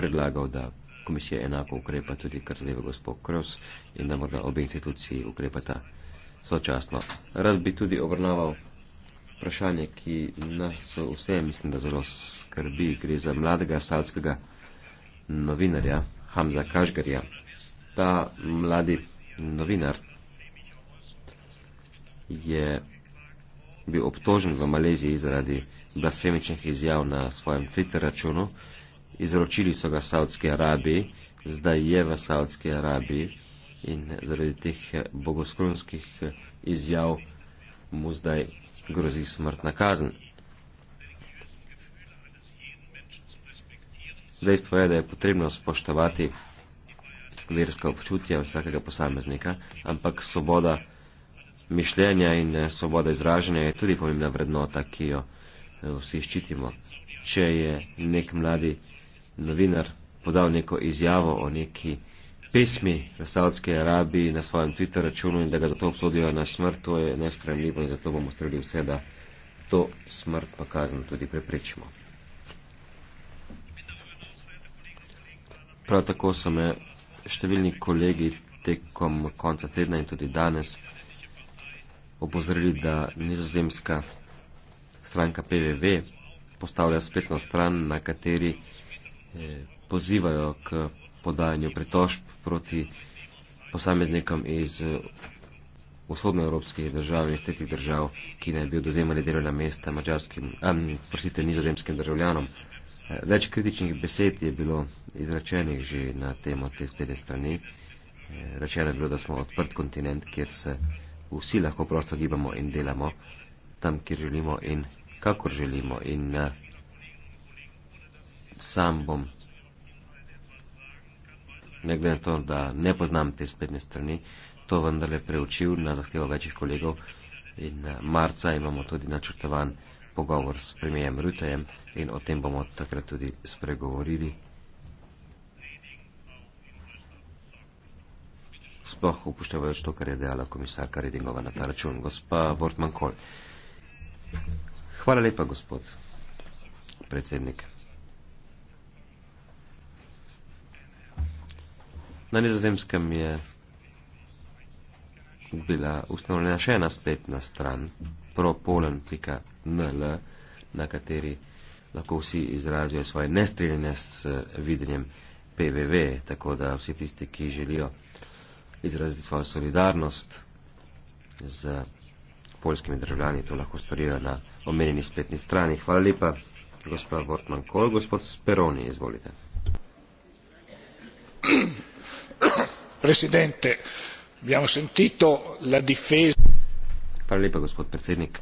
predlagal, da komisija enako ukrepa tudi kar zadeva gospod Kros in da morda obe instituciji ukrepata sočasno. Rad bi tudi obrnaval vprašanje, ki nas vse, mislim, da zelo skrbi. Gre za mladega salskega novinarja Hamza Kažgarja. Ta mladi novinar je bil obtožen v Maleziji zaradi blasfemičnih izjav na svojem Twitter računu izročili so ga Saudski Arabiji, zdaj je v Saudski Arabiji in zaradi teh eh, bogoskronskih eh, izjav mu zdaj grozi smrtna kazen. Dejstvo je, da je potrebno spoštovati verska občutja vsakega posameznika, ampak svoboda mišljenja in eh, svoboda izražanja je tudi pomembna vrednota, ki jo vsi ščitimo. Če je nek mladi novinar podal neko izjavo o neki pesmi v Saudski Arabiji na svojem Twitter računu in da ga zato obsodijo na smrt, to je nespremljivo in zato bomo storili vse, da to smrtno kazen tudi preprečimo. Prav tako so me številni kolegi tekom konca tedna in tudi danes opozorili, da nizozemska stranka PVV postavlja spletno stran, na kateri Eh, pozivajo k podajanju pretožb proti posameznikom iz eh, vzhodnoevropskih držav in iz tretjih držav, ki naj bi oduzemali delovna mesta mačarskim, prosite, nizozemskim državljanom. Eh, več kritičnih besed je bilo izrečenih že na temo te spede strani. Rečeno je bilo, da smo odprt kontinent, kjer se vsi lahko prosto gibamo in delamo tam, kjer želimo in kakor želimo in sam bom ne glede na to, da ne poznam te spetne strani, to vendarle preučil na zahtevo večjih kolegov in eh, marca imamo tudi načrtovan pogovor s premijem Rutejem in o tem bomo takrat tudi spregovorili. Sploh upoštevajo to, kar je dejala komisarka Redingova na ta račun. Gospa Wortman-Kol. Hvala lepa, gospod predsednik. Na nizozemskem je bila ustanovljena še ena spletna stran, propolen.nl, na kateri lahko vsi izrazijo svoje nestrinjenje s eh, videnjem PVV, tako da vsi tisti, ki želijo izraziti svojo solidarnost z polskimi državljani, to lahko storijo na omenjeni spletni strani. Hvala lepa, gospod Vortman Kol, gospod Speroni, izvolite. presidente abbiamo sentito la difesa Hvala lepa, gospod predsednik.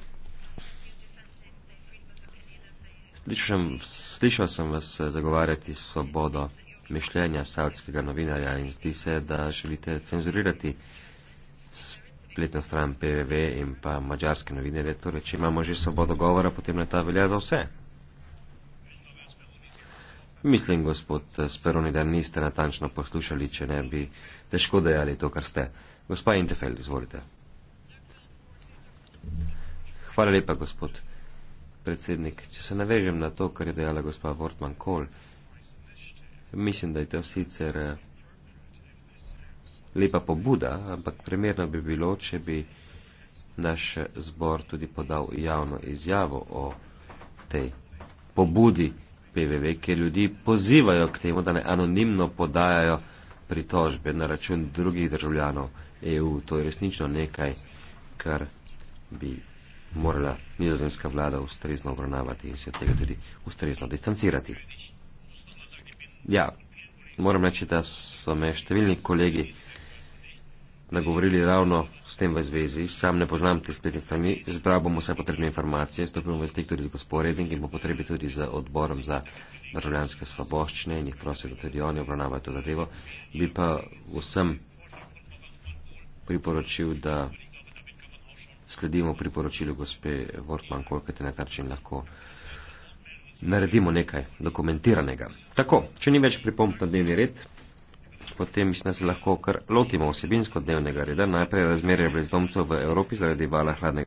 Slišal sem, slišal sem vas eh, zagovarjati svobodo mišljenja saudskega novinarja in zdi se, da želite cenzurirati spletno stran PVV in pa mađarske novinarje. Torej, če imamo že svobodo govora, potem naj ta velja za vse. Mislim, gospod Speroni, da niste natančno poslušali, če ne bi težko dejali to, kar ste. Gospa Intefeld, izvolite. Hvala lepa, gospod predsednik. Če se navežem na to, kar je dejala gospa Wortman Kohl, mislim, da je to sicer eh, lepa pobuda, ampak primerno bi bilo, če bi naš zbor tudi podal javno izjavo o tej pobudi. PVV, ki ljudi pozivajo k temu, da ne anonimno podajajo pritožbe na račun drugih državljanov EU. To je resnično nekaj, kar bi morala nizozemska vlada ustrezno obravnavati in se od tega tudi ustrezno distancirati. Ja, moram reči, da so me številni kolegi nagovorili ravno s tem v zvezi. Sam ne poznam te spletne strani, zbral bomo vse potrebne informacije, stopimo v stik tudi z gospodinjem in bo potrebi tudi z odborom za državljanske svoboščine in jih prosim, da tudi oni obravnavajo to zadevo. Bi pa vsem priporočil, da sledimo priporočilu gospe Wortman, koliko te na tarčin lahko naredimo nekaj dokumentiranega. Tako, če ni več pripomp na dnevni red, potem mislim, da se lahko kar lotimo osebinsko dnevnega reda. Najprej razmerje brezdomcev v Evropi zaradi vala hladnega.